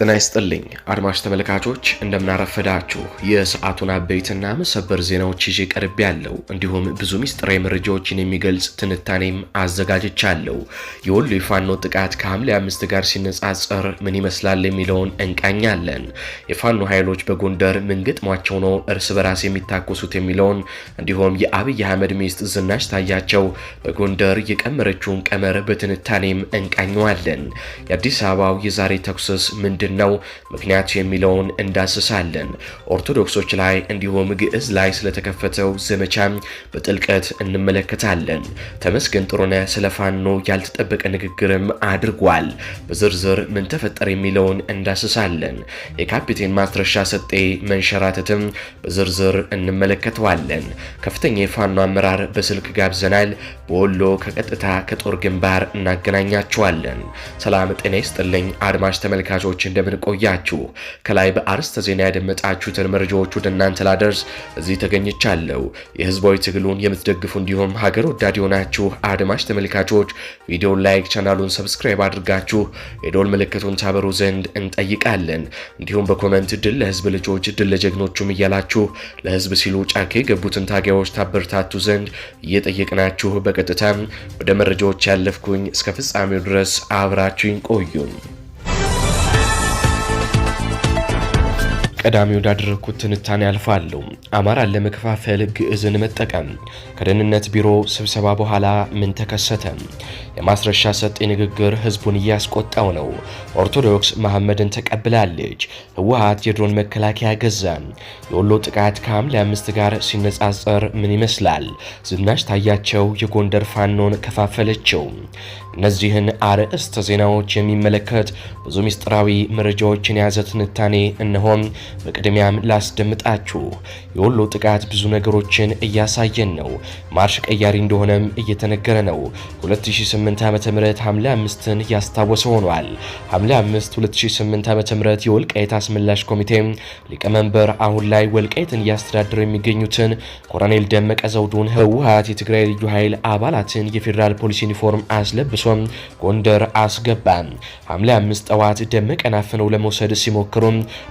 ጤና ይስጥልኝ አድማጭ ተመልካቾች፣ እንደምናረፈዳችሁ የሰዓቱን አበይትና መሰበር ዜናዎች ይዤ ቀርብ ያለው እንዲሁም ብዙ ሚስጥራዊ መረጃዎችን የሚገልጽ ትንታኔም አዘጋጅቻለሁ። የወሎ የፋኖ ጥቃት ከሐምሌ አምስት ጋር ሲነጻጸር ምን ይመስላል የሚለውን እንቃኛለን። የፋኖ ኃይሎች በጎንደር ምን ገጥሟቸው ነው እርስ በራስ የሚታኮሱት የሚለውን እንዲሁም የአብይ አህመድ ሚስት ዝናሽ ታያቸው በጎንደር የቀመረችውን ቀመር በትንታኔም እንቃኘዋለን። የአዲስ አበባው የዛሬ ተኩስስ ምንድ ምንድን ነው ምክንያቱ የሚለውን እንዳስሳለን። ኦርቶዶክሶች ላይ እንዲሁም ግዕዝ ላይ ስለተከፈተው ዘመቻ በጥልቀት እንመለከታለን። ተመስገን ጥሩነህ ስለ ፋኖ ያልተጠበቀ ንግግርም አድርጓል። በዝርዝር ምን ተፈጠር የሚለውን እንዳስሳለን። የካፒቴን ማስረሻ ሰጤ መንሸራተትም በዝርዝር እንመለከተዋለን። ከፍተኛ የፋኖ አመራር በስልክ ጋብዘናል። በወሎ ከቀጥታ ከጦር ግንባር እናገናኛቸዋለን። ሰላም ጤና ይስጥልኝ አድማጭ ተመልካቾች እንደምን ቆያችሁ። ከላይ በአርስተ ዜና ያደመጣችሁትን መረጃዎች ወደ እናንተ ላደርስ እዚህ ተገኝቻለሁ። የህዝባዊ ትግሉን የምትደግፉ እንዲሁም ሀገር ወዳድ የሆናችሁ አድማጭ ተመልካቾች ቪዲዮን ላይክ፣ ቻናሉን ሰብስክራይብ አድርጋችሁ የዶል ምልክቱን ታበሩ ዘንድ እንጠይቃለን። እንዲሁም በኮመንት ድል ለህዝብ ልጆች ድል ለጀግኖቹም እያላችሁ ለህዝብ ሲሉ ጫካ የገቡትን ታጋዮች ታበርታቱ ዘንድ እየጠየቅናችሁ በቀጥታ ወደ መረጃዎች ያለፍኩኝ እስከ ፍጻሜው ድረስ አብራችሁኝ ቆዩኝ። ቀዳሚ ወዳደረግኩት ትንታኔ አልፋለሁ። አማራን ለመከፋፈል ግዕዝን መጠቀም። ከደህንነት ቢሮ ስብሰባ በኋላ ምን ተከሰተ? የማስረሻ ሰጤ ንግግር ህዝቡን እያስቆጣው ነው። ኦርቶዶክስ መሐመድን ተቀብላለች። ህወሓት የድሮን መከላከያ ገዛ። የወሎ ጥቃት ከሐምሌ አምስት ጋር ሲነጻጸር ምን ይመስላል? ዝናሽ ታያቸው የጎንደር ፋኖን ከፋፈለችው። እነዚህን አርዕስተ ዜናዎች የሚመለከት ብዙ ምስጢራዊ መረጃዎችን የያዘ ትንታኔ እነሆም። በቅድሚያም ላስደምጣችሁ የወሎ ጥቃት ብዙ ነገሮችን እያሳየን ነው። ማርሽ ቀያሪ እንደሆነም እየተነገረ ነው። 2008 ዓ ም ሐምሌ 5ን እያስታወሰ ሆኗል። ሐምሌ 5 2008 ዓ ም የወልቃይት አስመላሽ ኮሚቴ ሊቀመንበር አሁን ላይ ወልቃይትን እያስተዳደሩ የሚገኙትን ኮሎኔል ደመቀ ዘውዱን ህወሀት የትግራይ ልዩ ኃይል አባላትን የፌዴራል ፖሊስ ዩኒፎርም አስለብሶም ጎንደር አስገባ። ሐምሌ 5 ጠዋት ደመቀን አፍነው ለመውሰድ ሲሞክሩ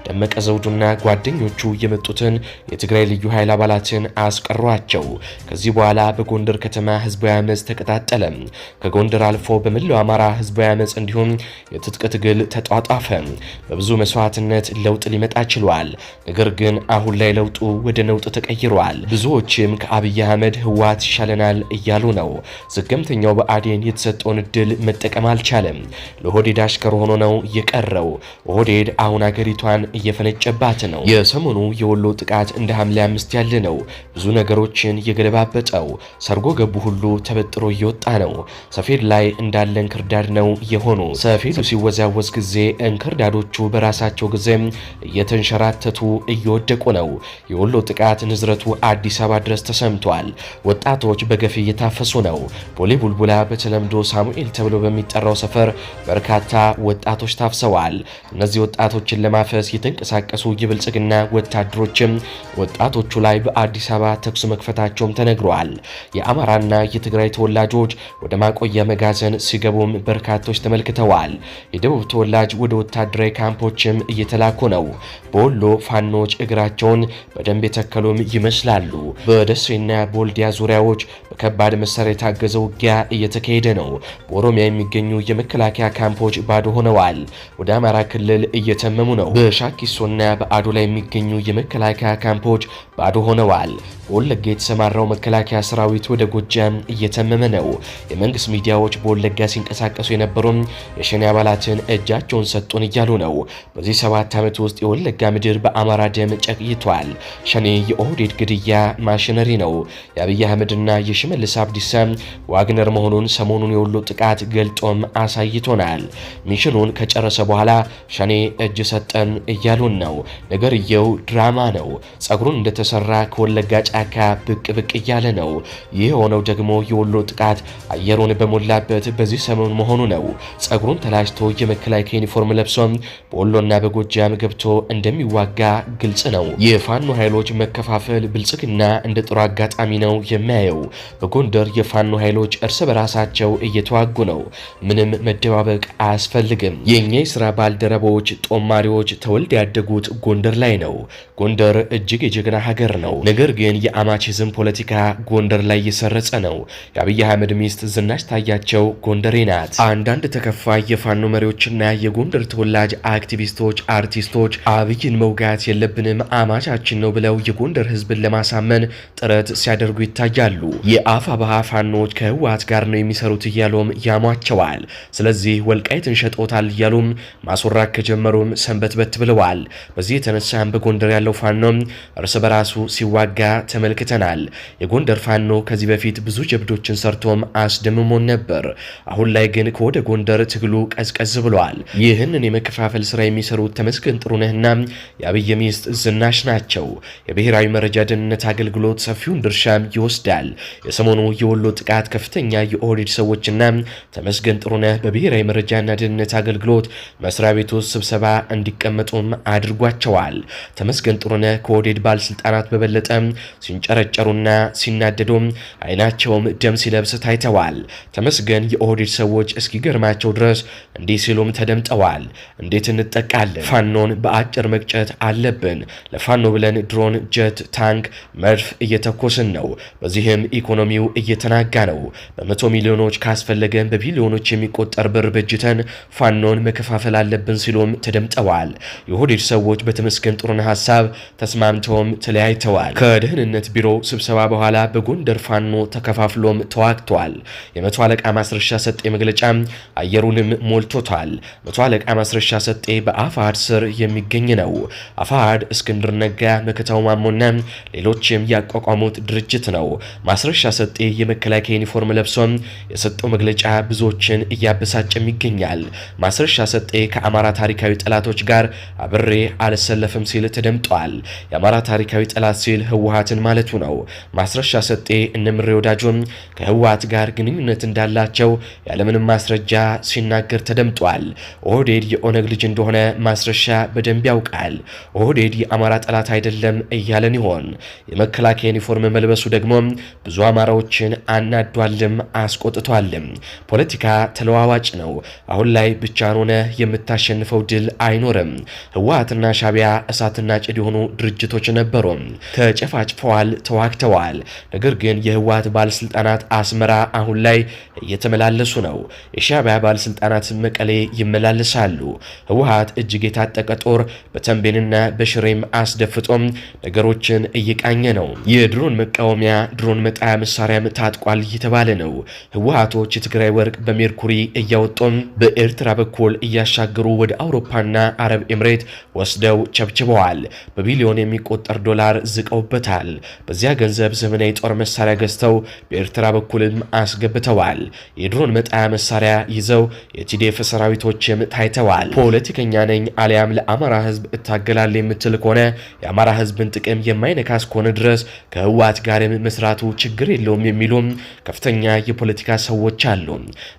ደመቀ ዘውዱና ጓደኞቹ የመጡትን የትግራይ የትግራይ ልዩ ኃይል አባላትን አስቀሯቸው። ከዚህ በኋላ በጎንደር ከተማ ህዝባዊ አመፅ ተቀጣጠለ። ከጎንደር አልፎ በመላው አማራ ህዝባዊ አመፅ እንዲሁም የትጥቅ ትግል ተጧጧፈ። በብዙ መስዋዕትነት ለውጥ ሊመጣ ችሏል። ነገር ግን አሁን ላይ ለውጡ ወደ ነውጥ ተቀይሯል። ብዙዎችም ከአብይ አህመድ ህወሓት ይሻለናል እያሉ ነው። ዘገምተኛው በአዴን የተሰጠውን እድል መጠቀም አልቻለም። ለሆዴድ አሽከር ሆኖ ነው የቀረው። ሆዴድ አሁን አገሪቷን እየፈነጨባት ነው። የሰሞኑ የወሎ ጥቃት እንደ ሐምሌ አምስት ያለ ነው ብዙ ነገሮችን የገለባበጠው። ሰርጎ ገቡ ሁሉ ተበጥሮ እየወጣ ነው። ሰፌድ ላይ እንዳለ እንክርዳድ ነው የሆኑ። ሰፌዱ ሲወዛወዝ ጊዜ እንክርዳዶቹ በራሳቸው ጊዜ እየተንሸራተቱ እየወደቁ ነው። የወሎ ጥቃት ንዝረቱ አዲስ አበባ ድረስ ተሰምቷል። ወጣቶች በገፍ እየታፈሱ ነው። ቦሌ ቡልቡላ በተለምዶ ሳሙኤል ተብሎ በሚጠራው ሰፈር በርካታ ወጣቶች ታፍሰዋል። እነዚህ ወጣቶችን ለማፈስ የተንቀሳቀሱ የብልጽግና ወታደሮችም ወጣቶቹ ላይ በአዲስ አበባ ተኩስ መክፈታቸውም ተነግረዋል። የአማራና የትግራይ ተወላጆች ወደ ማቆያ መጋዘን ሲገቡም በርካቶች ተመልክተዋል። የደቡብ ተወላጅ ወደ ወታደራዊ ካምፖችም እየተላኩ ነው። በወሎ ፋኖች እግራቸውን በደንብ የተከሉም ይመስላሉ። በደሴና በወልዲያ ዙሪያዎች በከባድ መሳሪያ የታገዘ ውጊያ እየተካሄደ ነው። በኦሮሚያ የሚገኙ የመከላከያ ካምፖች ባዶ ሆነዋል። ወደ አማራ ክልል እየተመሙ ነው። በሻኪሶና በአዶላ የሚገኙ የመከላከያ ካምፖች ባዶ ሆነዋል። በወለጋ የተሰማራው መከላከያ ሰራዊት ወደ ጎጃም እየተመመ ነው። የመንግስት ሚዲያዎች በወለጋ ሲንቀሳቀሱ የነበሩም የሸኔ አባላትን እጃቸውን ሰጡን እያሉ ነው። በዚህ ሰባት ዓመት ውስጥ የወለጋ ምድር በአማራ ደም ጨቅይቷል። ሸኔ የኦህዴድ ግድያ ማሽነሪ ነው። የአብይ አህመድና የሽመልስ አብዲሳ ዋግነር መሆኑን ሰሞኑን የወሎ ጥቃት ገልጦም አሳይቶናል። ሚሽኑን ከጨረሰ በኋላ ሸኔ እጅ ሰጠን እያሉን ነው። ነገርየው ድራማ ነው። ጸጉሩን እንደተሰራ ከወለጋ ጫካ ብቅ ብቅ እያለ ነው። ይህ የሆነው ደግሞ የወሎ ጥቃት አየሩን በሞላበት በዚህ ሰሞን መሆኑ ነው። ጸጉሩን ተላጭቶ የመከላከያ ዩኒፎርም ለብሶ በወሎና በጎጃም ገብቶ እንደሚዋጋ ግልጽ ነው። የፋኖ ኃይሎች መከፋፈል ብልጽግና እንደ ጥሩ አጋጣሚ ነው የሚያየው። በጎንደር የፋኖ ኃይሎች እርስ በራሳቸው እየተዋጉ ነው። ምንም መደባበቅ አያስፈልግም። የእኛ የስራ ባልደረቦች ጦማሪዎች ተወልደ ያደጉት ጎንደር ላይ ነው። ጎንደር እጅግ የጀ ጀግና ሀገር ነው። ነገር ግን የአማቺዝም ፖለቲካ ጎንደር ላይ እየሰረጸ ነው። የአብይ አህመድ ሚስት ዝናሽ ታያቸው ጎንደሬ ናት። አንዳንድ ተከፋይ የፋኖ መሪዎችና የጎንደር ተወላጅ አክቲቪስቶች፣ አርቲስቶች አብይን መውጋት የለብንም አማቻችን ነው ብለው የጎንደር ህዝብን ለማሳመን ጥረት ሲያደርጉ ይታያሉ። የአፋባሃ ባህ ፋኖች ከህወሀት ጋር ነው የሚሰሩት እያሉም ያሟቸዋል። ስለዚህ ወልቃይትን ሸጦታል እያሉም ማስወራት ከጀመሩም ሰንበት በት ብለዋል። በዚህ የተነሳም በጎንደር ያለው ፋኖም እርስ በራሱ ሲዋጋ ተመልክተናል። የጎንደር ፋኖ ከዚህ በፊት ብዙ ጀብዶችን ሰርቶም አስደምሞን ነበር። አሁን ላይ ግን ከወደ ጎንደር ትግሉ ቀዝቀዝ ብለዋል። ይህንን የመከፋፈል ስራ የሚሰሩት ተመስገን ጥሩነህና የአብይ ሚስት ዝናሽ ናቸው። የብሔራዊ መረጃ ደህንነት አገልግሎት ሰፊውን ድርሻም ይወስዳል። የሰሞኑ የወሎ ጥቃት ከፍተኛ የኦህዴድ ሰዎችና ተመስገን ጥሩነህ በብሔራዊ መረጃና ደህንነት አገልግሎት መስሪያ ቤት ውስጥ ስብሰባ እንዲቀመጡም አድርጓቸዋል። ተመስገን ጥሩነህ ከኦህዴድ ባለስልጣናት በበለጠ ሲንጨረጨሩና ሲናደዱ አይናቸውም ደም ሲለብስ ታይተዋል። ተመስገን የኦህዴድ ሰዎች እስኪገርማቸው ድረስ እንዲህ ሲሉም ተደምጠዋል። እንዴት እንጠቃለን? ፋኖን በአጭር መቅጨት አለብን። ለፋኖ ብለን ድሮን፣ ጀት፣ ታንክ፣ መድፍ እየተኮስን ነው። በዚህም ኢኮኖሚው እየተናጋ ነው። በመቶ ሚሊዮኖች ካስፈለገን በቢሊዮኖች የሚቆጠር ብር በጅተን ፋኖን መከፋፈል አለብን ሲሉም ተደምጠዋል። የኦህዴድ ሰዎች በተመስገን ጥሩን ሀሳብ ተስማምተ ተከታትለውም ተለያይተዋል። ከደህንነት ቢሮ ስብሰባ በኋላ በጎንደር ፋኖ ተከፋፍሎም ተዋግተዋል። የመቶ አለቃ ማስረሻ ሰጤ መግለጫ አየሩንም ሞልቶታል። መቶ አለቃ ማስረሻ ሰጤ በአፋሃድ ስር የሚገኝ ነው። አፋሃድ እስክንድር ነጋ፣ መከታው ማሞና ሌሎችም ያቋቋሙት ድርጅት ነው። ማስረሻ ሰጤ የመከላከያ ዩኒፎርም ለብሶ የሰጠው መግለጫ ብዙዎችን እያበሳጨም ይገኛል። ማስረሻ ሰጤ ከአማራ ታሪካዊ ጠላቶች ጋር አብሬ አልሰለፍም ሲል ተደምጧል። የአማራ ታሪካዊ ጠላት ሲል ህወሀትን ማለቱ ነው። ማስረሻ ሰጤ እነምሬ ወዳጆም ከህወሀት ጋር ግንኙነት እንዳላቸው ያለምንም ማስረጃ ሲናገር ተደምጧል። ኦህዴድ የኦነግ ልጅ እንደሆነ ማስረሻ በደንብ ያውቃል። ኦህዴድ የአማራ ጠላት አይደለም እያለን ይሆን? የመከላከያ ዩኒፎርም መልበሱ ደግሞ ብዙ አማራዎችን አናዷልም አስቆጥቷልም። ፖለቲካ ተለዋዋጭ ነው። አሁን ላይ ብቻን ሆነ የምታሸንፈው ድል አይኖርም። ህወሀትና ሻቢያ እሳትና ጭድ የሆኑ ድርጅቶች ነበሩ። አልነበሩም። ተጨፋጭፈዋል፣ ተዋግተዋል። ነገር ግን የህወሓት ባለስልጣናት አስመራ አሁን ላይ እየተመላለሱ ነው። የሻዕቢያ ባለስልጣናት መቀሌ ይመላለሳሉ። ህወሓት እጅግ የታጠቀ ጦር በተንቤንና በሽሬም አስደፍጦም ነገሮችን እየቃኘ ነው። የድሮን መቃወሚያ ድሮን መጣያ መሳሪያም ታጥቋል እየተባለ ነው። ህወሓቶች የትግራይ ወርቅ በሜርኩሪ እያወጡም በኤርትራ በኩል እያሻገሩ ወደ አውሮፓና አረብ ኤምሬት ወስደው ቸብችበዋል። በቢሊዮን የሚቆጠ አጥር ዶላር ዝቀውበታል። በዚያ ገንዘብ ዘመናዊ ጦር መሳሪያ ገዝተው በኤርትራ በኩልም አስገብተዋል። የድሮን መጣያ መሳሪያ ይዘው የቲዲፍ ሰራዊቶችም ታይተዋል። ፖለቲከኛ ነኝ አሊያም ለአማራ ህዝብ እታገላል የምትል ከሆነ የአማራ ህዝብን ጥቅም የማይነካ እስከሆነ ድረስ ከህወሓት ጋርም መስራቱ ችግር የለውም የሚሉም ከፍተኛ የፖለቲካ ሰዎች አሉ።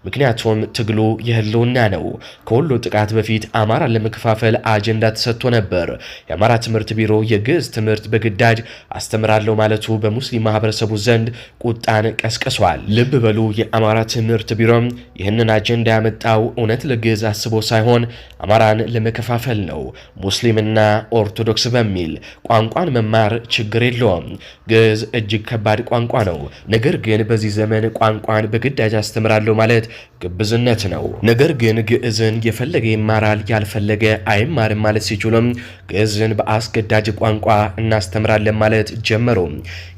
ምክንያቱም ትግሉ የህልውና ነው። ከሁሉ ጥቃት በፊት አማራን ለመከፋፈል አጀንዳ ተሰጥቶ ነበር። የአማራ ትምህርት ቢሮ የግዕዝ ትምህርት በግዳጅ አስተምራለሁ ማለቱ በሙስሊም ማህበረሰቡ ዘንድ ቁጣን ቀስቅሷል። ልብ በሉ፣ የአማራ ትምህርት ቢሮም ይህንን አጀንዳ ያመጣው እውነት ለግዕዝ አስቦ ሳይሆን አማራን ለመከፋፈል ነው። ሙስሊምና ኦርቶዶክስ በሚል ቋንቋን መማር ችግር የለውም። ግዕዝ እጅግ ከባድ ቋንቋ ነው። ነገር ግን በዚህ ዘመን ቋንቋን በግዳጅ አስተምራለሁ ማለት ግብዝነት ነው። ነገር ግን ግዕዝን የፈለገ ይማራል፣ ያልፈለገ አይማርም ማለት ሲችሉም ግዕዝን በአስገዳጅ ቋንቋ እናስተምራለን ማለት ጀመሩ።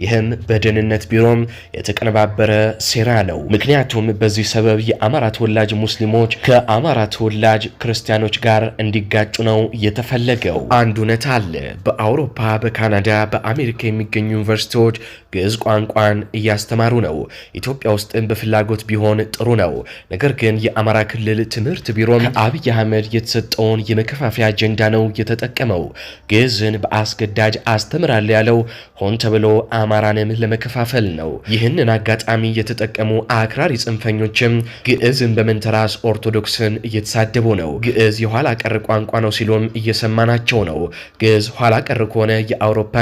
ይህም በደህንነት ቢሮም የተቀነባበረ ሴራ ነው። ምክንያቱም በዚህ ሰበብ የአማራ ተወላጅ ሙስሊሞች ከአማራ ተወላጅ ክርስቲያኖች ጋር እንዲጋጩ ነው የተፈለገው። አንድ እውነት አለ። በአውሮፓ፣ በካናዳ፣ በአሜሪካ የሚገኙ ዩኒቨርሲቲዎች ግዕዝ ቋንቋን እያስተማሩ ነው። ኢትዮጵያ ውስጥም በፍላጎት ቢሆን ጥሩ ነው። ነገር ግን የአማራ ክልል ትምህርት ቢሮም ከአብይ አህመድ የተሰጠውን የመከፋፈያ አጀንዳ ነው የተጠቀመው። ግዕዝን በአስገዳጅ አስተምራል ያለው ሆን ተብሎ አማራንም ለመከፋፈል ነው። ይህንን አጋጣሚ የተጠቀሙ አክራሪ ጽንፈኞችም ግዕዝን በመንተራስ ኦርቶዶክስን እየተሳደቡ ነው። ግዕዝ የኋላ ቀር ቋንቋ ነው ሲሉም እየሰማናቸው ነው። ግዕዝ ኋላ ቀር ከሆነ የአውሮፓ፣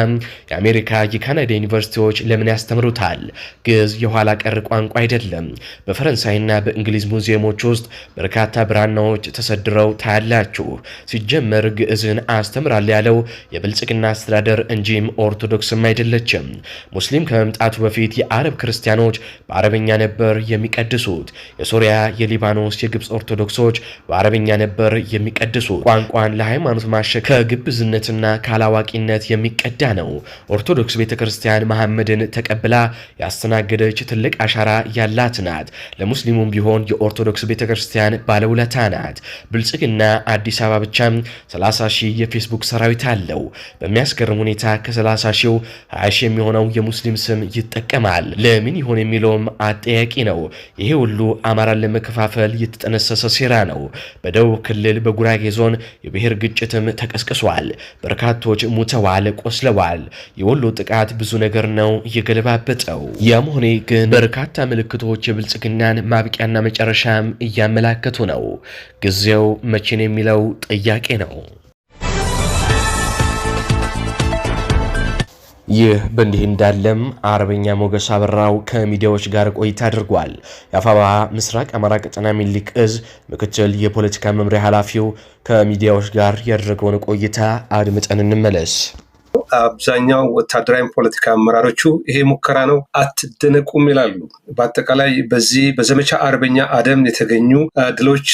የአሜሪካ፣ የካናዳ ዩኒቨርሲቲዎች ለምን ያስተምሩታል? ግዕዝ የኋላ ቀር ቋንቋ አይደለም። በፈረንሳይና በእንግሊዝ ሙዚየሞች ውስጥ በርካታ ብራናዎች ተሰድረው ታያላችሁ። ሲጀመር ግዕዝን አስተምራል ያለው የብልጽግና አስተዳደ አስተዳደር እንጂም ኦርቶዶክስም አይደለችም። ሙስሊም ከመምጣቱ በፊት የአረብ ክርስቲያኖች በአረበኛ ነበር የሚቀድሱት። የሶሪያ፣ የሊባኖስ፣ የግብፅ ኦርቶዶክሶች በአረበኛ ነበር የሚቀድሱት። ቋንቋን ለሃይማኖት ማሸ ከግብዝነትና ካላዋቂነት የሚቀዳ ነው። ኦርቶዶክስ ቤተ ክርስቲያን መሐመድን ተቀብላ ያስተናገደች ትልቅ አሻራ ያላት ናት። ለሙስሊሙም ቢሆን የኦርቶዶክስ ቤተ ክርስቲያን ባለውለታ ናት። ብልጽግና አዲስ አበባ ብቻ 30 ሺህ የፌስቡክ ሰራዊት አለው። በሚያስገርም በሚገርም ሁኔታ ከ30 ሺው 20 የሚሆነው የሙስሊም ስም ይጠቀማል። ለምን ይሆን የሚለውም አጠያቂ ነው። ይሄ ሁሉ አማራን ለመከፋፈል የተጠነሰሰ ሴራ ነው። በደቡብ ክልል በጉራጌ ዞን የብሔር ግጭትም ተቀስቅሷል። በርካቶች ሙተዋል፣ ቆስለዋል። የወሎ ጥቃት ብዙ ነገር ነው እየገለባበጠው። ያም ሆኔ ግን በርካታ ምልክቶች የብልጽግናን ማብቂያና መጨረሻም እያመላከቱ ነው። ጊዜው መቼን የሚለው ጥያቄ ነው። ይህ በእንዲህ እንዳለም አርበኛ ሞገስ አበራው ከሚዲያዎች ጋር ቆይታ አድርጓል። የአፋባ ምስራቅ አማራ ቀጠና ሚኒልክ እዝ ምክትል የፖለቲካ መምሪያ ኃላፊው ከሚዲያዎች ጋር ያደረገውን ቆይታ አድምጠን እንመለስ። አብዛኛው ወታደራዊ ፖለቲካ አመራሮቹ ይሄ ሙከራ ነው፣ አትደነቁም ይላሉ። በአጠቃላይ በዚህ በዘመቻ አርበኛ አደም የተገኙ ድሎች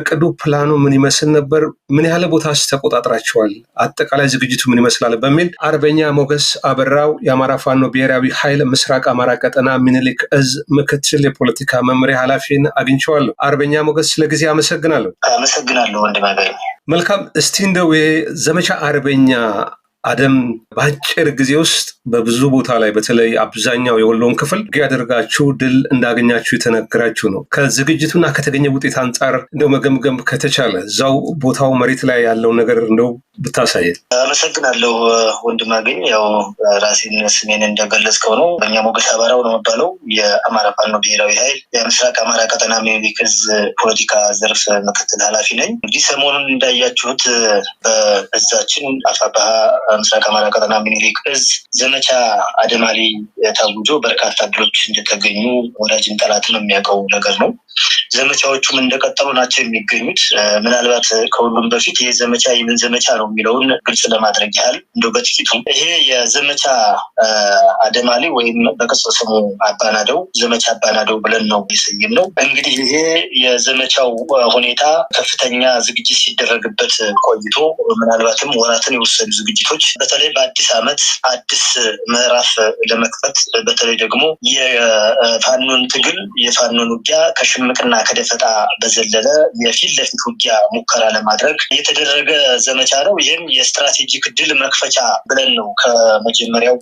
እቅዱ ፕላኑ ምን ይመስል ነበር? ምን ያህል ቦታስ ተቆጣጥራቸዋል? አጠቃላይ ዝግጅቱ ምን ይመስላል? በሚል አርበኛ ሞገስ አበራው የአማራ ፋኖ ብሔራዊ ኃይል ምስራቅ አማራ ቀጠና ሚኒሊክ እዝ ምክትል የፖለቲካ መምሪያ ኃላፊን አግኝቸዋለሁ። አርበኛ ሞገስ ስለጊዜ አመሰግናለሁ። አመሰግናለሁ ወንድም። መልካም። እስቲ እንደው ዘመቻ አርበኛ አደም በአጭር ጊዜ ውስጥ በብዙ ቦታ ላይ በተለይ አብዛኛው የወሎን ክፍል ያደርጋችሁ ድል እንዳገኛችሁ የተነገራችሁ ነው። ከዝግጅቱና ከተገኘ ውጤት አንጻር እንደው መገምገም ከተቻለ እዛው ቦታው መሬት ላይ ያለው ነገር እንደው ብታሳየን። አመሰግናለሁ ወንድማገኝ ያው ራሴን ስሜን እንደገለጽከው ነው። በኛ ሞገስ አባራው ነው የሚባለው የአማራ ፋኖ ብሔራዊ ኃይል የምስራቅ አማራ ቀጠና ሚኒሊክዝ ፖለቲካ ዘርፍ ምክትል ኃላፊ ነኝ። እንግዲህ ሰሞኑን እንዳያችሁት በእዛችን አፋባሃ በምስራቅ አማራ ቀጠና ሚኒሊክ እዝ ዘመቻ አደማሪ ታውጆ በርካታ ድሎች እንደተገኙ ወዳጅን ጠላትን የሚያውቀው ነገር ነው። ዘመቻዎቹም እንደቀጠሉ ናቸው የሚገኙት። ምናልባት ከሁሉም በፊት ይሄ ዘመቻ የምን ዘመቻ ነው የሚለውን ግልጽ ለማድረግ ያህል እንደ በጥቂቱ ይሄ የዘመቻ አደማሊ ወይም በቅጽ ስሙ አባናደው ዘመቻ አባናደው ብለን ነው የሰየም ነው። እንግዲህ ይሄ የዘመቻው ሁኔታ ከፍተኛ ዝግጅት ሲደረግበት ቆይቶ ምናልባትም ወራትን የወሰዱ ዝግጅቶች ሰዎች በተለይ በአዲስ ዓመት አዲስ ምዕራፍ ለመክፈት በተለይ ደግሞ የፋኖን ትግል የፋኖን ውጊያ ከሽምቅና ከደፈጣ በዘለለ የፊት ለፊት ውጊያ ሙከራ ለማድረግ የተደረገ ዘመቻ ነው። ይህም የስትራቴጂክ ድል መክፈቻ ብለን ነው ከመጀመሪያው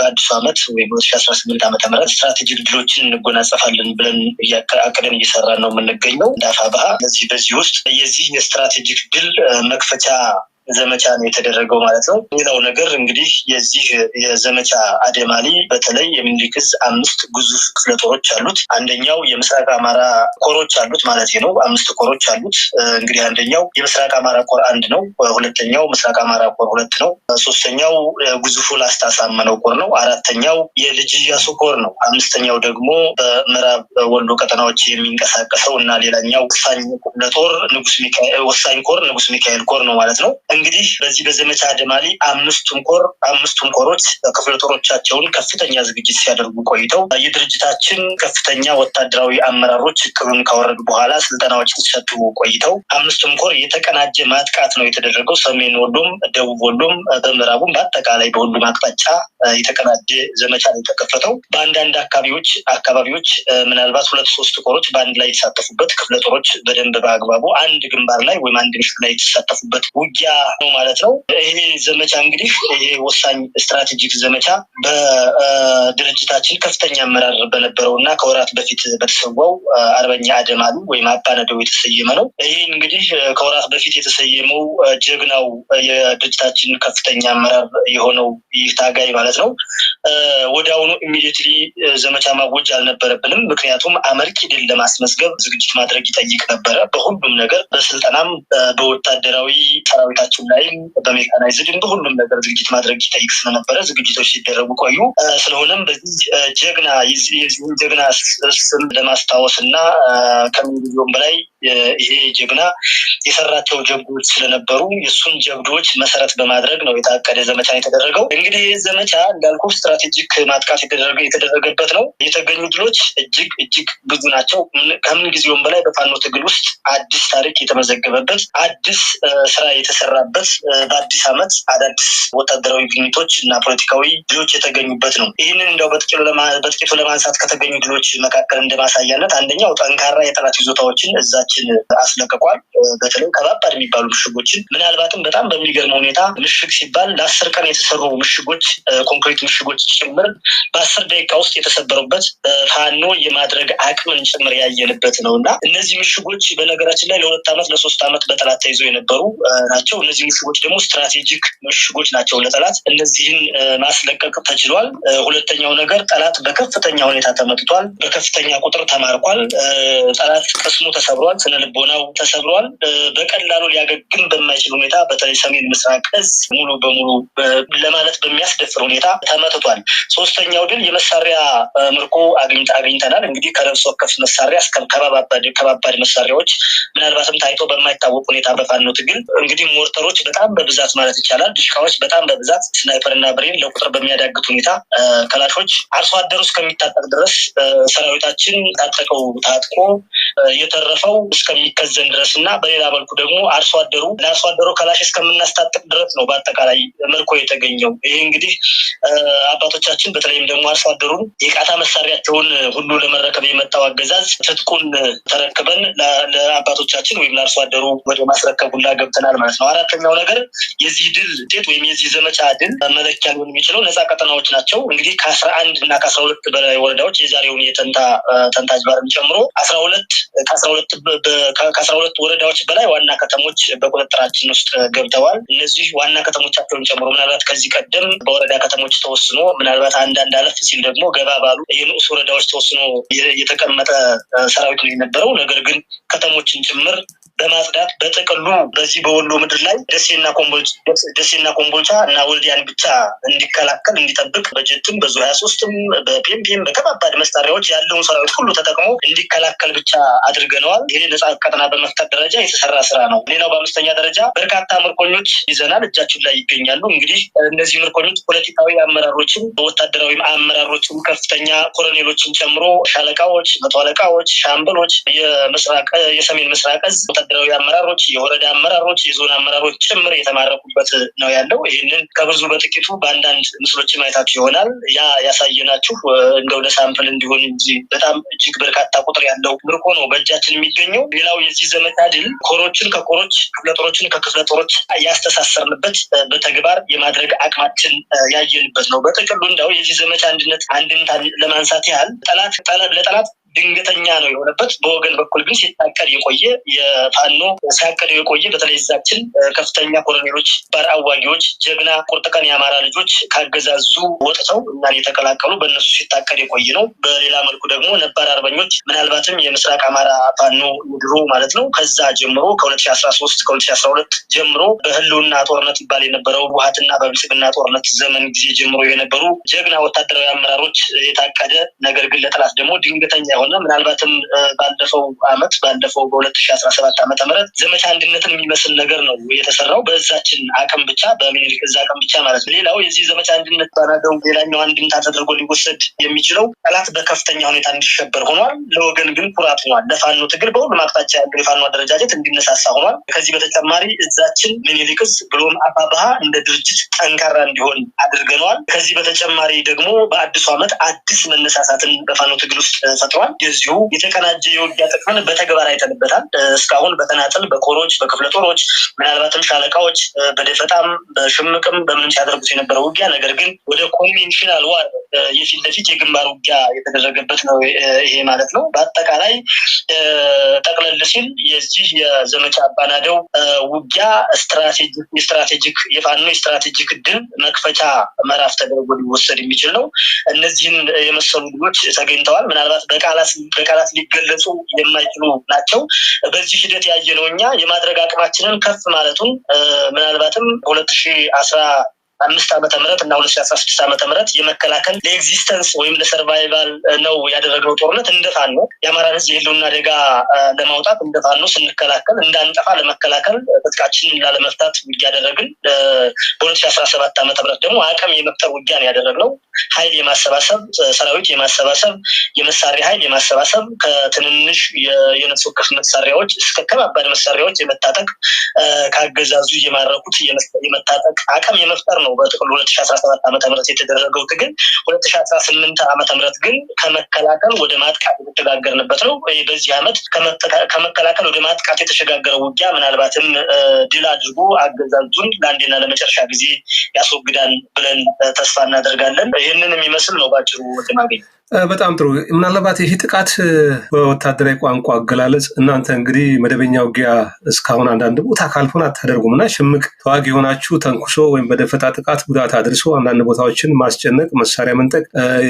በአዲሱ አመት ወይም ሁለት ሺ አስራ ስምንት ዓመተ ምህረት ስትራቴጂክ ድሎችን እንጎናጸፋለን ብለን አቅደን እየሰራን ነው የምንገኘው። እንዳፋ ባህ በዚህ በዚህ ውስጥ የዚህ የስትራቴጂክ ድል መክፈቻ ዘመቻ ነው የተደረገው ማለት ነው። ሌላው ነገር እንግዲህ የዚህ የዘመቻ አደማሊ በተለይ የሚኒልክ ዕዝ አምስት ግዙፍ ክፍለ ጦሮች አሉት። አንደኛው የምስራቅ አማራ ኮሮች አሉት ማለት ነው። አምስት ኮሮች አሉት። እንግዲህ አንደኛው የምስራቅ አማራ ኮር አንድ ነው። ሁለተኛው ምስራቅ አማራ ኮር ሁለት ነው። ሶስተኛው ግዙፉ ላስታ ሳመነው ኮር ነው። አራተኛው የልጅ ያሱ ኮር ነው። አምስተኛው ደግሞ በምዕራብ ወሎ ቀጠናዎች የሚንቀሳቀሰው እና ሌላኛው ወሳኝ ኮር ንጉስ ሚካኤል ኮር ነው ማለት ነው። እንግዲህ በዚህ በዘመቻ አደማሊ አምስቱም ኮር አምስቱም ኮሮች ክፍለ ጦሮቻቸውን ከፍተኛ ዝግጅት ሲያደርጉ ቆይተው የድርጅታችን ከፍተኛ ወታደራዊ አመራሮች እቅዱን ካወረዱ በኋላ ስልጠናዎች ሲሰጡ ቆይተው አምስቱም ኮር የተቀናጀ ማጥቃት ነው የተደረገው። ሰሜን ወሎም፣ ደቡብ ወሎም፣ በምዕራቡም በአጠቃላይ በሁሉም አቅጣጫ የተቀናጀ ዘመቻ ነው የተከፈተው። በአንዳንድ አካባቢዎች አካባቢዎች ምናልባት ሁለት ሶስት ኮሮች በአንድ ላይ የተሳተፉበት ክፍለ ጦሮች በደንብ በአግባቡ አንድ ግንባር ላይ ወይም አንድ ምሽግ ላይ የተሳተፉበት ውጊያ ነው ማለት ነው። ይሄ ዘመቻ እንግዲህ ይሄ ወሳኝ ስትራቴጂክ ዘመቻ በድርጅታችን ከፍተኛ አመራር በነበረው እና ከወራት በፊት በተሰዋው አርበኛ አደም አሉ ወይም አባነደው የተሰየመ ነው። ይህ እንግዲህ ከወራት በፊት የተሰየመው ጀግናው የድርጅታችን ከፍተኛ አመራር የሆነው ይህ ታጋይ ማለት ነው። ወደ አሁኑ ኢሚዲየትሊ ዘመቻ ማወጅ አልነበረብንም። ምክንያቱም አመርቂ ድል ለማስመዝገብ ዝግጅት ማድረግ ይጠይቅ ነበረ። በሁሉም ነገር በስልጠናም በወታደራዊ ሰራዊታችን ስራዎችም ላይ በሜካናይዝድን ሁሉም ነገር ዝግጅት ማድረግ ይጠይቅ ስለነበረ ዝግጅቶች ሲደረጉ ቆዩ። ስለሆነም በዚህ ጀግና ጀግና ስም ለማስታወስ እና ከምንጊዜውም በላይ ይሄ ጀግና የሰራቸው ጀብዶች ስለነበሩ የእሱን ጀብዶች መሰረት በማድረግ ነው የታቀደ ዘመቻ የተደረገው። እንግዲህ ዘመቻ እንዳልኩ ስትራቴጂክ ማጥቃት የተደረገበት ነው። የተገኙ ድሎች እጅግ እጅግ ብዙ ናቸው። ከምን ጊዜውም በላይ በፋኖ ትግል ውስጥ አዲስ ታሪክ የተመዘገበበት አዲስ ስራ የተሰራ የተገኘበት በአዲስ ዓመት አዳዲስ ወታደራዊ ግኝቶች እና ፖለቲካዊ ድሎች የተገኙበት ነው። ይህንን እንደው በጥቂቱ ለማንሳት ከተገኙ ድሎች መካከል እንደማሳያነት አንደኛው ጠንካራ የጠላት ይዞታዎችን እዛችን አስለቅቋል። በተለይ ከባባድ የሚባሉ ምሽጎችን ምናልባትም በጣም በሚገርም ሁኔታ ምሽግ ሲባል ለአስር ቀን የተሰሩ ምሽጎች፣ ኮንክሪት ምሽጎች ጭምር በአስር ደቂቃ ውስጥ የተሰበሩበት ፋኖ የማድረግ አቅምን ጭምር ያየንበት ነው እና እነዚህ ምሽጎች በነገራችን ላይ ለሁለት ዓመት ለሶስት ዓመት በጠላት ተይዘው የነበሩ ናቸው። እነዚህ ምሽጎች ደግሞ ስትራቴጂክ ምሽጎች ናቸው ለጠላት። እነዚህን ማስለቀቅ ተችሏል። ሁለተኛው ነገር ጠላት በከፍተኛ ሁኔታ ተመትቷል፣ በከፍተኛ ቁጥር ተማርኳል። ጠላት ቅስሙ ተሰብሯል፣ ስነ ልቦናው ተሰብሯል። በቀላሉ ሊያገግም በማይችል ሁኔታ በተለይ ሰሜን ምስራቅ እዝ ሙሉ በሙሉ ለማለት በሚያስደፍር ሁኔታ ተመትቷል። ሶስተኛው ድል የመሳሪያ ምርኮ አግኝተናል። እንግዲህ ከነፍስ ወከፍ መሳሪያ ከባባድ መሳሪያዎች ምናልባትም ታይቶ በማይታወቅ ሁኔታ በፋኖ ትግል እንግዲህ ሄሊኮፕተሮች በጣም በብዛት ማለት ይቻላል፣ ድሽቃዎች በጣም በብዛት ስናይፐር እና ብሬን ለቁጥር በሚያዳግት ሁኔታ ከላሾች አርሶ አደሩ እስከሚታጠቅ ድረስ ሰራዊታችን ታጠቀው ታጥቆ የተረፈው እስከሚከዘን ድረስ እና በሌላ መልኩ ደግሞ አርሶ አደሩ ለአርሶ አደሩ ከላሽ እስከምናስታጥቅ ድረስ ነው በአጠቃላይ መልኮ የተገኘው። ይህ እንግዲህ አባቶቻችን በተለይም ደግሞ አርሶ አደሩን የቃታ መሳሪያቸውን ሁሉ ለመረከብ የመጣው አገዛዝ ትጥቁን ተረክበን ለአባቶቻችን ወይም ለአርሶ አደሩ ወደ ማስረከብ ሁላ ገብተናል ማለት ነው። ሁለተኛው ነገር የዚህ ድል ውጤት ወይም የዚህ ዘመቻ ድል መለኪያ ሊሆን የሚችለው ነጻ ቀጠናዎች ናቸው። እንግዲህ ከአስራ አንድ እና ከአስራ ሁለት በላይ ወረዳዎች የዛሬውን የተንታ ተንታ አጅባርን ጨምሮ አስራ ሁለት ከአስራ ሁለት ወረዳዎች በላይ ዋና ከተሞች በቁጥጥራችን ውስጥ ገብተዋል። እነዚህ ዋና ከተሞቻቸውን ጨምሮ ምናልባት ከዚህ ቀደም በወረዳ ከተሞች ተወስኖ ምናልባት አንዳንድ አለፍ ሲል ደግሞ ገባ ባሉ የንዑስ ወረዳዎች ተወስኖ የተቀመጠ ሰራዊት ነው የነበረው። ነገር ግን ከተሞችን ጭምር በማጽዳት በጥቅሉ በዚህ በወሎ ምድር ላይ ደሴና ኮምቦልቻ እና ወልዲያን ብቻ እንዲከላከል እንዲጠብቅ በጀትም በዙ ሀያ ሶስትም በፒምፒም በከባባድ መሳሪያዎች ያለውን ሰራዊት ሁሉ ተጠቅሞ እንዲከላከል ብቻ አድርገነዋል። ይህን ነጻ ቀጠና በመፍጠር ደረጃ የተሰራ ስራ ነው። ሌላው በአምስተኛ ደረጃ በርካታ ምርኮኞች ይዘናል፣ እጃችን ላይ ይገኛሉ። እንግዲህ እነዚህ ምርኮኞች ፖለቲካዊ አመራሮችን፣ ወታደራዊ አመራሮችን፣ ከፍተኛ ኮሎኔሎችን ጨምሮ ሻለቃዎች፣ መቶ አለቃዎች፣ ሻምበሎች፣ የሰሜን ምስራቅ እዝ ወታደራዊ አመራሮች፣ የወረዳ አመራሮች፣ የዞን አመራሮች ጭምር የተማረኩበት ነው ያለው። ይህንን ከብዙ በጥቂቱ በአንዳንድ ምስሎች ማየታችሁ ይሆናል። ያ ያሳየናችሁ እንደው ለሳምፕል እንዲሆን እንጂ በጣም እጅግ በርካታ ቁጥር ያለው ምርኮ ነው በእጃችን የሚገኘው። ሌላው የዚህ ዘመቻ ድል ኮሮችን ከኮሮች ክፍለ ጦሮችን ከክፍለ ጦሮች ያስተሳሰርንበት በተግባር የማድረግ አቅማችን ያየንበት ነው። በጥቅሉ እንዳው የዚህ ዘመቻ አንድነት አንድነት ለማንሳት ያህል ጠላት ለጠላት ድንገተኛ ነው የሆነበት። በወገን በኩል ግን ሲታቀድ የቆየ የፋኖ ሲያቀደው የቆየ በተለይ ዛችን ከፍተኛ ኮሎኔሎች፣ ባር አዋጊዎች፣ ጀግና ቁርጥቀን የአማራ ልጆች ካገዛዙ ወጥተው እና የተቀላቀሉ በእነሱ ሲታቀድ የቆየ ነው። በሌላ መልኩ ደግሞ ነባር አርበኞች ምናልባትም የምስራቅ አማራ ፋኖ ድሮ ማለት ነው ከዛ ጀምሮ ከ 2013 ከ2012 ጀምሮ በህልውና ጦርነት ይባል የነበረው ውሀትና በብልጽግና ጦርነት ዘመን ጊዜ ጀምሮ የነበሩ ጀግና ወታደራዊ አመራሮች የታቀደ ነገር ግን ለጠላት ደግሞ ድንገተኛ እና ምናልባትም ባለፈው አመት ባለፈው በሁለት ሺ አስራ ሰባት ዓመተ ምህረት ዘመቻ አንድነትን የሚመስል ነገር ነው የተሰራው በዛችን አቅም ብቻ በሚኒሊክ እዛ አቅም ብቻ ማለት ነው። ሌላው የዚህ ዘመቻ አንድነት ባናደው ሌላኛው አንድምታ ተደርጎ ሊወሰድ የሚችለው ጠላት በከፍተኛ ሁኔታ እንዲሸበር ሆኗል። ለወገን ግን ኩራት ሆኗል። ለፋኖ ትግል በሁሉም አቅጣጫ ያለው የፋኖ አደረጃጀት እንዲነሳሳ ሆኗል። ከዚህ በተጨማሪ እዛችን ሚኒሊክ ብሎም አፋብኃ እንደ ድርጅት ጠንካራ እንዲሆን አድርገነዋል። ከዚህ በተጨማሪ ደግሞ በአዲሱ ዓመት አዲስ መነሳሳትን በፋኖ ትግል ውስጥ ፈጥሯል። እንደዚሁ የተቀናጀ የውጊያ ጥቅምን በተግባር አይተንበታል። እስካሁን በተናጥል በኮሮች፣ በክፍለ ጦሮች፣ ምናልባትም ሻለቃዎች በደፈጣም በሽምቅም በምንም ሲያደርጉት የነበረ ውጊያ ነገር ግን ወደ ኮንቬንሽናል ዋር የፊት ለፊት የግንባር ውጊያ የተደረገበት ነው ይሄ ማለት ነው። በአጠቃላይ ጠቅለል ሲል የዚህ የዘመቻ አባናደው ውጊያ ስትራቴጂክ የፋኖ የስትራቴጂክ ድል መክፈቻ ምዕራፍ ተደርጎ ሊወሰድ የሚችል ነው። እነዚህን የመሰሉ ድሎች ተገኝተዋል። ምናልባት በቃል በቃላት ሊገለጹ የማይችሉ ናቸው። በዚህ ሂደት ያየነው እኛ የማድረግ አቅማችንን ከፍ ማለቱን ምናልባትም ሁለት ሺ አስራ አምስት ዓመተ ምህረት እና ሁለት ሺ አስራ ስድስት ዓመተ ምህረት የመከላከል ለኤግዚስተንስ ወይም ለሰርቫይቫል ነው ያደረግነው ጦርነት እንደ ነው የአማራ ሕዝብ የህልውና አደጋ ለማውጣት እንደ ነው ስንከላከል እንዳንጠፋ ለመከላከል ትጥቃችንን ላለመፍታት ውጊያ ያደረግን። በሁለት ሺ አስራ ሰባት ዓመተ ምህረት ደግሞ አቅም የመፍጠር ውጊያ ነው ያደረግነው። ኃይል የማሰባሰብ ሰራዊት የማሰባሰብ የመሳሪያ ኃይል የማሰባሰብ ከትንንሽ የነፍስ ወከፍ መሳሪያዎች እስከ ከባባድ መሳሪያዎች የመታጠቅ ከአገዛዙ የማረኩት የመታጠቅ አቅም የመፍጠር ነው። በጥቅሉ ሁለት ሺ አስራ ሰባት ዓመተ የተደረገው ትግል ሁለት ሺ አስራ ስምንት ግን ከመከላከል ወደ ማጥቃት የተሸጋገርንበት ነው። በዚህ ዓመት ከመከላከል ወደ ማጥቃት የተሸጋገረው ውጊያ ምናልባትም ድል አድርጎ አገዛዙን ለአንዴና ለመጨረሻ ጊዜ ያስወግዳል ብለን ተስፋ እናደርጋለን። ይህንን የሚመስል ነው በአጭሩ ትናገኝ በጣም ጥሩ። ምናልባት ይህ ጥቃት በወታደራዊ ቋንቋ አገላለጽ እናንተ እንግዲህ መደበኛ ውጊያ እስካሁን አንዳንድ ቦታ ካልሆነ አታደርጉም እና ሽምቅ ተዋጊ የሆናችሁ ተንኩሶ ወይም በደፈጣ ጥቃት ጉዳት አድርሶ አንዳንድ ቦታዎችን ማስጨነቅ፣ መሳሪያ መንጠቅ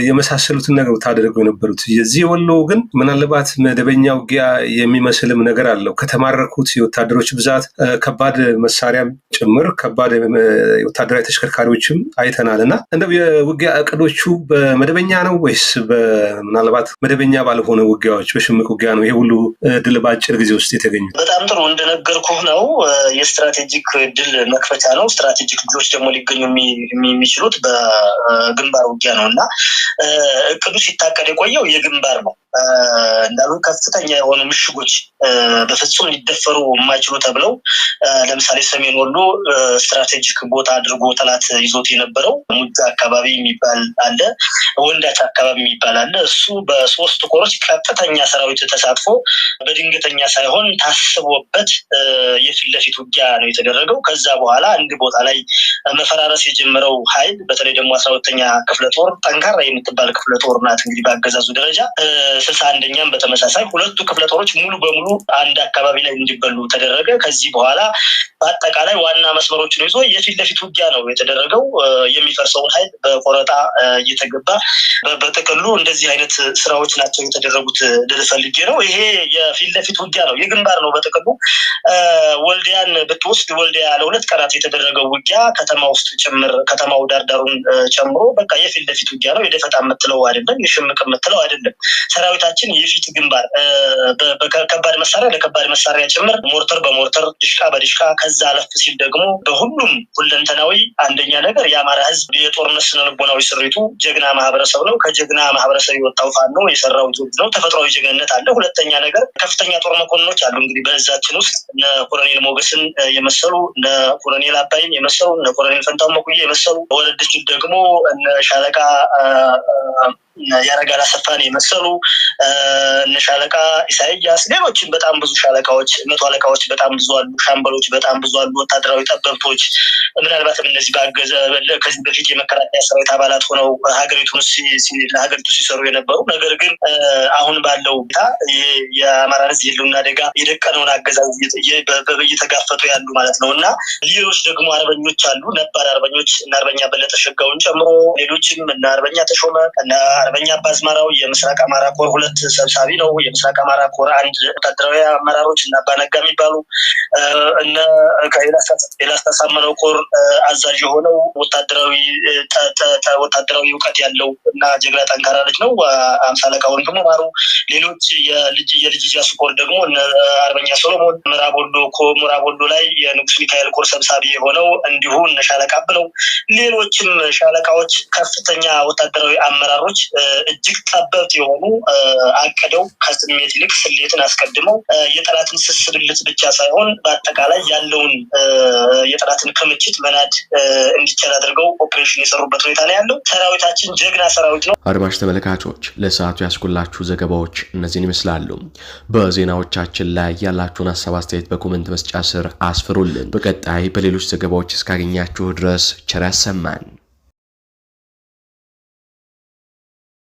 የመሳሰሉትን ነገር ታደርገው የነበሩት የዚህ የወሎ ግን ምናልባት መደበኛ ውጊያ የሚመስልም ነገር አለው። ከተማረኩት የወታደሮች ብዛት ከባድ መሳሪያም ጭምር ከባድ ወታደራዊ ተሽከርካሪዎችም አይተናል እና እንደው የውጊያ እቅዶቹ በመደበኛ ነው ወይስ ምናልባት መደበኛ ባልሆነ ውጊያዎች በሽምቅ ውጊያ ነው ይሄ ሁሉ ድል በአጭር ጊዜ ውስጥ የተገኙ። በጣም ጥሩ እንደነገርኩህ ነው። የስትራቴጂክ ድል መክፈቻ ነው። ስትራቴጂክ ድሎች ደግሞ ሊገኙ የሚችሉት በግንባር ውጊያ ነው እና እቅዱ ሲታቀድ የቆየው የግንባር ነው። እንዳሉ ከፍተኛ የሆኑ ምሽጎች በፍጹም ሊደፈሩ የማይችሉ ተብለው ለምሳሌ ሰሜን ወሎ ስትራቴጂክ ቦታ አድርጎ ጠላት ይዞት የነበረው ሙጃ አካባቢ የሚባል አለ፣ ወንዳች አካባቢ የሚባል አለ። እሱ በሶስት ኮሮች ቀጥተኛ ሰራዊት ተሳትፎ በድንገተኛ ሳይሆን ታስቦበት የፊት ለፊት ውጊያ ነው የተደረገው። ከዛ በኋላ አንድ ቦታ ላይ መፈራረስ የጀመረው ኃይል በተለይ ደግሞ አስራ ሁለተኛ ክፍለ ጦር ጠንካራ የምትባል ክፍለ ጦር ናት እንግዲህ በአገዛዙ ደረጃ ስልሳ አንደኛም በተመሳሳይ ሁለቱ ክፍለ ጦሮች ሙሉ በሙሉ አንድ አካባቢ ላይ እንዲበሉ ተደረገ። ከዚህ በኋላ በአጠቃላይ ዋና መስመሮችን ይዞ የፊት ለፊት ውጊያ ነው የተደረገው። የሚፈርሰውን ኃይል በቆረጣ እየተገባ በጥቅሉ እንደዚህ አይነት ስራዎች ናቸው የተደረጉት ልል ነው። ይሄ የፊት ለፊት ውጊያ ነው፣ የግንባር ነው። በጥቅሉ ወልዲያን ብትወስድ ወልዲያ ለሁለት ቀናት የተደረገው ውጊያ ከተማ ውስጥ ጭምር ከተማው ዳርዳሩን ጨምሮ በቃ የፊት ለፊት ውጊያ ነው። የደፈጣ የምትለው አይደለም፣ የሽምቅ የምትለው አይደለም። ሰራ ሰራዊታችን የፊት ግንባር ከባድ መሳሪያ ለከባድ መሳሪያ ጭምር ሞርተር በሞርተር ድሽቃ በድሽቃ ከዛ አለፍ ሲል ደግሞ በሁሉም ሁለንተናዊ አንደኛ ነገር የአማራ ህዝብ የጦርነት ስነልቦናዊ ስሪቱ ጀግና ማህበረሰብ ነው። ከጀግና ማህበረሰብ የወጣው ፋኖ የሰራው ጆብ ነው። ተፈጥሯዊ ጀግንነት አለ። ሁለተኛ ነገር ከፍተኛ ጦር መኮንኖች አሉ። እንግዲህ በዛችን ውስጥ እነ ኮሎኔል ሞገስን የመሰሉ እነ ኮሎኔል አባይን የመሰሉ እነ ኮሎኔል ፈንታው መኩዬ የመሰሉ በወለደች ደግሞ እነ ሻለቃ ያረጋል አሰፋን የመሰሉ እነ ሻለቃ ኢሳያስ፣ ሌሎችም በጣም ብዙ ሻለቃዎች፣ መቶ አለቃዎች በጣም ብዙ አሉ፣ ሻምበሎች በጣም ብዙ አሉ፣ ወታደራዊ ጠበብቶች ምናልባትም እነዚህ በአገዘ ከዚህ በፊት የመከላከያ ሰራዊት አባላት ሆነው ሀገሪቱን ለሀገሪቱ ሲሰሩ የነበሩ ነገር ግን አሁን ባለው ሁኔታ የአማራ ሕዝብ የህልውና አደጋ የደቀነውን አገዛዝ እየተጋፈጡ ያሉ ማለት ነው እና ሌሎች ደግሞ አርበኞች አሉ ነባር አርበኞች እና አርበኛ በለጠ ሸጋውን ጨምሮ ሌሎችም እና አርበኛ ተሾመ እና አርበኛ አባዝማራው የምስራቅ አማራ ኮር ኮር ሁለት ሰብሳቢ ነው። የምስራቅ አማራ ኮር አንድ ወታደራዊ አመራሮች እና አባነጋ የሚባሉ እነ የላስታሳመነው ኮር አዛዥ የሆነው ወታደራዊ ወታደራዊ እውቀት ያለው እና ጀግና ጠንካራ ልጅ ነው። አምሳ አለቃ ወንድሙ ማሩ፣ ሌሎች የልጅ ያሱ ኮር ደግሞ አርበኛ ሶሎሞን፣ ምዕራብ ወሎ ምዕራብ ወሎ ላይ የንጉስ ሚካኤል ኮር ሰብሳቢ የሆነው እንዲሁ እነ ሻለቃ ብለው ሌሎችም ሻለቃዎች ከፍተኛ ወታደራዊ አመራሮች እጅግ ጠበብት የሆኑ አቅደው ከስሜት ይልቅ ስሌትን አስቀድመው የጠላትን ስስብልት ብቻ ሳይሆን በአጠቃላይ ያለውን የጠላትን ክምችት መናድ እንዲቻል አድርገው ኦፕሬሽን የሰሩበት ሁኔታ ነው ያለው። ሰራዊታችን ጀግና ሰራዊት ነው። አድማሽ ተመልካቾች ለሰዓቱ ያስኩላችሁ ዘገባዎች እነዚህን ይመስላሉ። በዜናዎቻችን ላይ ያላችሁን ሀሳብ አስተያየት በኮመንት መስጫ ስር አስፍሩልን። በቀጣይ በሌሎች ዘገባዎች እስካገኛችሁ ድረስ ቸር ያሰማን።